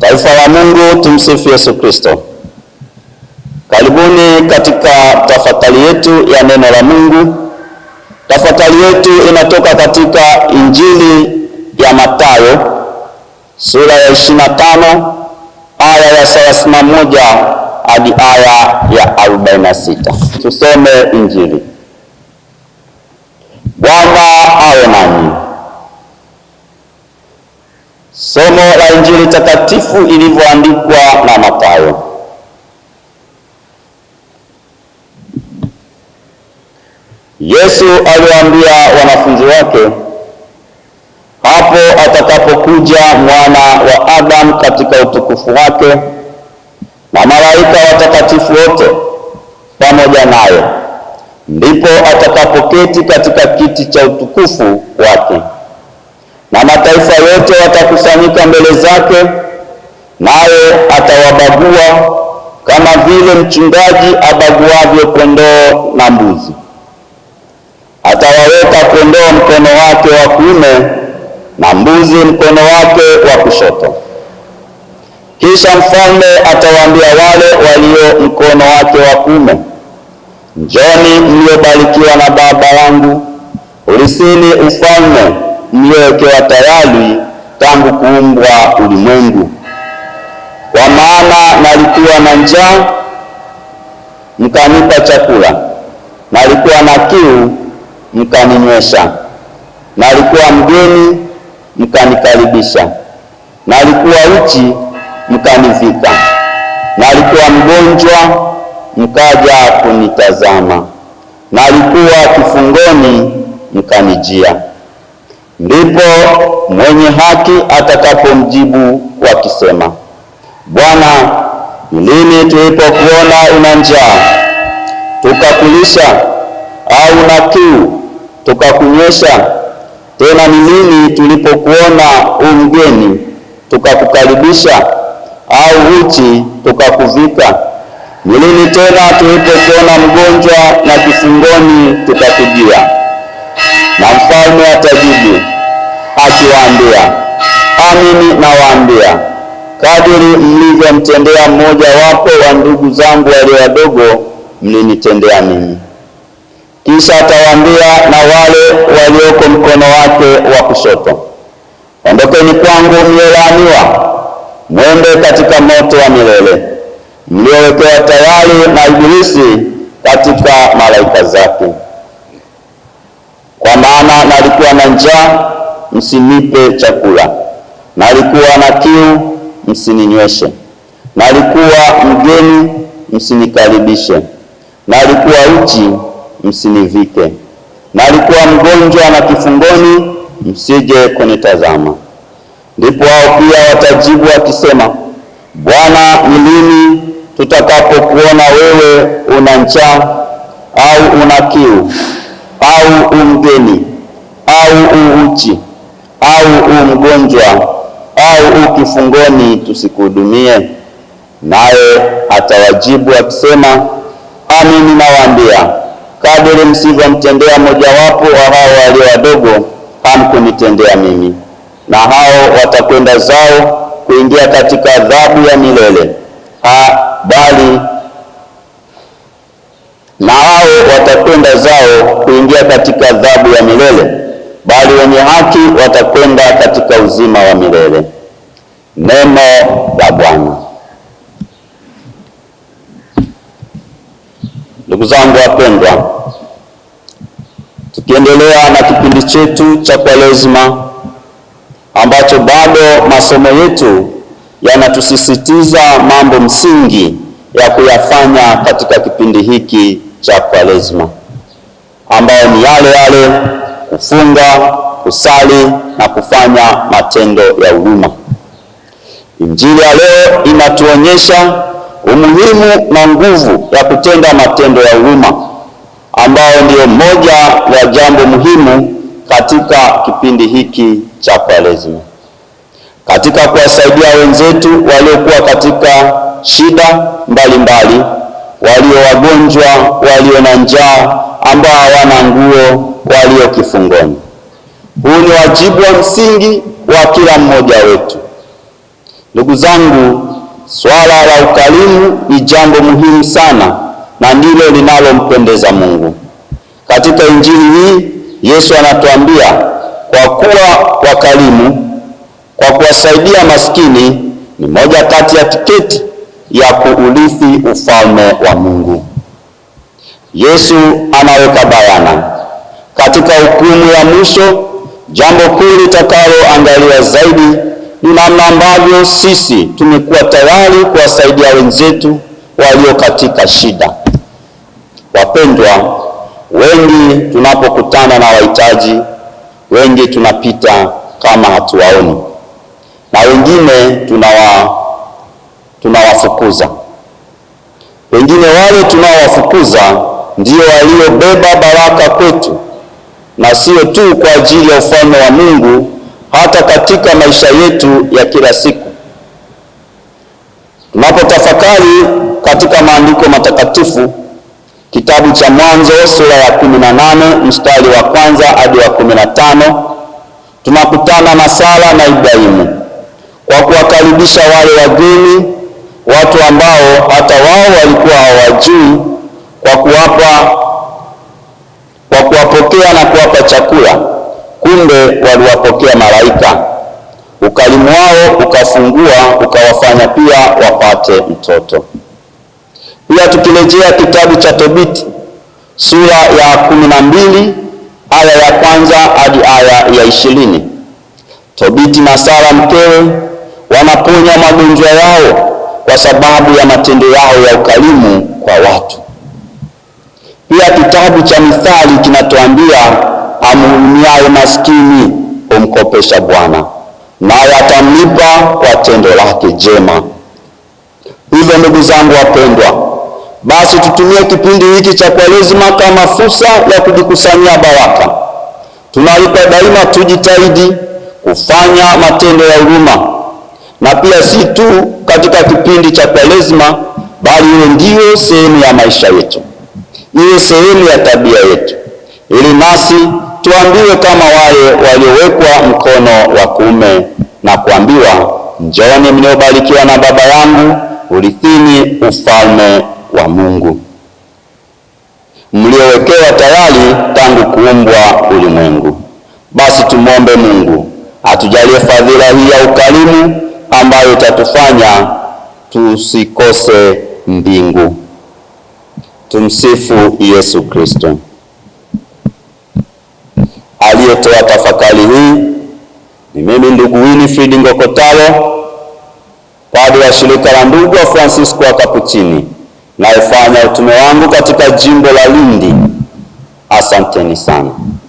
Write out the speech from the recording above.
Taifa la Mungu, tumsifu Yesu Kristo. Karibuni katika tafakari yetu ya neno la Mungu. Tafakari yetu inatoka katika Injili ya Mathayo sura ya 25 aya ya 31 hadi aya ya 46. Tusome Injili. Bwana awe nanyi. Somo la Injili takatifu ilivyoandikwa na Mathayo. Yesu aliwaambia wanafunzi wake, hapo atakapokuja mwana wa Adamu katika utukufu wake na malaika watakatifu wote pamoja naye, ndipo atakapoketi katika kiti cha utukufu wake na mataifa yote watakusanyika mbele zake, naye atawabagua kama vile mchungaji abaguavyo kondoo na mbuzi. Atawaweka kondoo mkono wake wa kuume na mbuzi mkono wake wa kushoto. Kisha mfalme atawaambia wale walio mkono wake wa kuume, njoni mliobarikiwa na Baba yangu, ulisini ufalme mliyowekewa tayari tangu kuumbwa ulimwengu. Kwa maana nalikuwa na njaa, mkanipa chakula, nalikuwa na kiu, mkaninywesha, nalikuwa mgeni, mkanikaribisha, nalikuwa uchi, mkanivika, nalikuwa mgonjwa, mkaja kunitazama, nalikuwa kifungoni, mkanijia ndipo mwenye haki atakapomjibu wakisema, Bwana, ni lini tulipokuona una njaa tukakulisha, au na kiu tukakunyesha? Tena ni lini tulipokuona u mgeni tukakukaribisha, au uchi tukakuvika? Ni lini tena tulipokuona mgonjwa na kifungoni tukakujia? Na mfalme atajibu akiwaambia, amini nawaambia, kadiri mlivyomtendea mmoja wapo wa ndugu zangu walio wadogo, mlinitendea mimi. Kisha atawaambia na wale walioko mkono wake wa kushoto, ondokeni kwangu mliolaaniwa, mwende katika moto wa milele mliowekewa tayari na Ibilisi katika malaika zake. Kwa maana nalikuwa na njaa msinipe chakula, na alikuwa na kiu msininyweshe, na alikuwa mgeni msinikaribishe, na alikuwa uchi msinivike, na alikuwa mgonjwa na kifungoni msije kunitazama. Ndipo wao pia watajibu wakisema, Bwana, ni lini tutakapokuona wewe una njaa au una kiu au umgeni au uuchi au u mgonjwa au u kifungoni, tusikuhudumie? Naye atawajibu akisema, amini nawaambia, kadiri msivyomtendea mojawapo wa hao walio wadogo, hamkunitendea mimi. Na hao watakwenda zao kuingia katika adhabu ya milele ha, bali na hao watakwenda zao kuingia katika adhabu ya milele bali wenye haki watakwenda katika uzima wa milele. Neno la Bwana. Ndugu zangu wapendwa, tukiendelea na kipindi chetu cha Kwaresima ambacho bado masomo yetu yanatusisitiza mambo msingi ya kuyafanya katika kipindi hiki cha Kwaresima ambayo ni yale yale kufunga, kusali na kufanya matendo ya huruma. Injili ya leo inatuonyesha umuhimu na nguvu ya kutenda matendo ya huruma ambayo ndiyo moja ya jambo muhimu katika kipindi hiki cha Kwaresima, katika kuwasaidia wenzetu waliokuwa katika shida mbalimbali mbali, walio wagonjwa, walio na njaa, ambao hawana nguo, walio kifungoni. Huu ni wajibu wa msingi wa kila mmoja wetu. Ndugu zangu, swala la ukarimu ni jambo muhimu sana na ndilo linalompendeza Mungu. Katika injili hii Yesu anatuambia kwa kuwa wakarimu, kwa kuwasaidia maskini ni moja kati ya tiketi ya kuurithi ufalme wa Mungu. Yesu anaweka bayana katika hukumu ya mwisho, jambo kuu litakaloangaliwa zaidi ni namna ambavyo sisi tumekuwa tayari kuwasaidia wenzetu walio katika shida. Wapendwa, wengi tunapokutana na wahitaji, wengi tunapita kama hatuwaoni, na wengine tunawa tunawafukuza. Wengine wale tunaowafukuza ndio waliobeba baraka kwetu, na sio tu kwa ajili ya ufalme wa Mungu, hata katika maisha yetu ya kila siku. Tunapotafakari katika maandiko matakatifu, kitabu cha Mwanzo sura ya 18 mstari wa kwanza hadi wa 15, tunakutana na Sara na Ibrahimu kwa kuwakaribisha wale wageni watu ambao hata wao walikuwa hawajui, kwa kuwapa kwa kuwapokea na kuwapa chakula. Kumbe waliwapokea malaika, Ukalimu wao ukafungua, ukawafanya pia wapate mtoto. Pia tukirejea kitabu cha Tobiti sura ya kumi na mbili aya ya kwanza hadi aya ya ishirini Tobiti na Sara mkewe wanaponya magonjwa yao kwa sababu ya matendo yao ya ukarimu kwa watu. Pia kitabu cha Mithali kinatuambia amhurumiaye maskini humkopesha Bwana, naye atamlipa kwa tendo lake jema. Hivyo ndugu zangu wapendwa, basi tutumie kipindi hiki cha Kwaresima kama fursa ya kujikusanyia baraka. Tunaalikwa daima tujitahidi kufanya matendo ya huruma, na pia si tu katika kipindi cha kwalezima bali iwe ndiyo sehemu ya maisha yetu, iwe sehemu ya tabia yetu, ili nasi tuambiwe kama wale waliowekwa mkono wa kuume na kuambiwa, njoni mliobarikiwa na Baba yangu, urithini ufalme wa Mungu mliowekewa tayari tangu kuumbwa ulimwengu. Basi tumwombe Mungu atujalie fadhila hii ya ukarimu ambayo itatufanya tusikose mbingu. Tumsifu Yesu Kristo. Aliyetoa tafakari hii ni mimi ndugu Winifridi Ngokotalo, padre wa shirika la ndugu wa Francisco wa Kapuchini, nayefanya utume wangu katika jimbo la Lindi. Asanteni sana.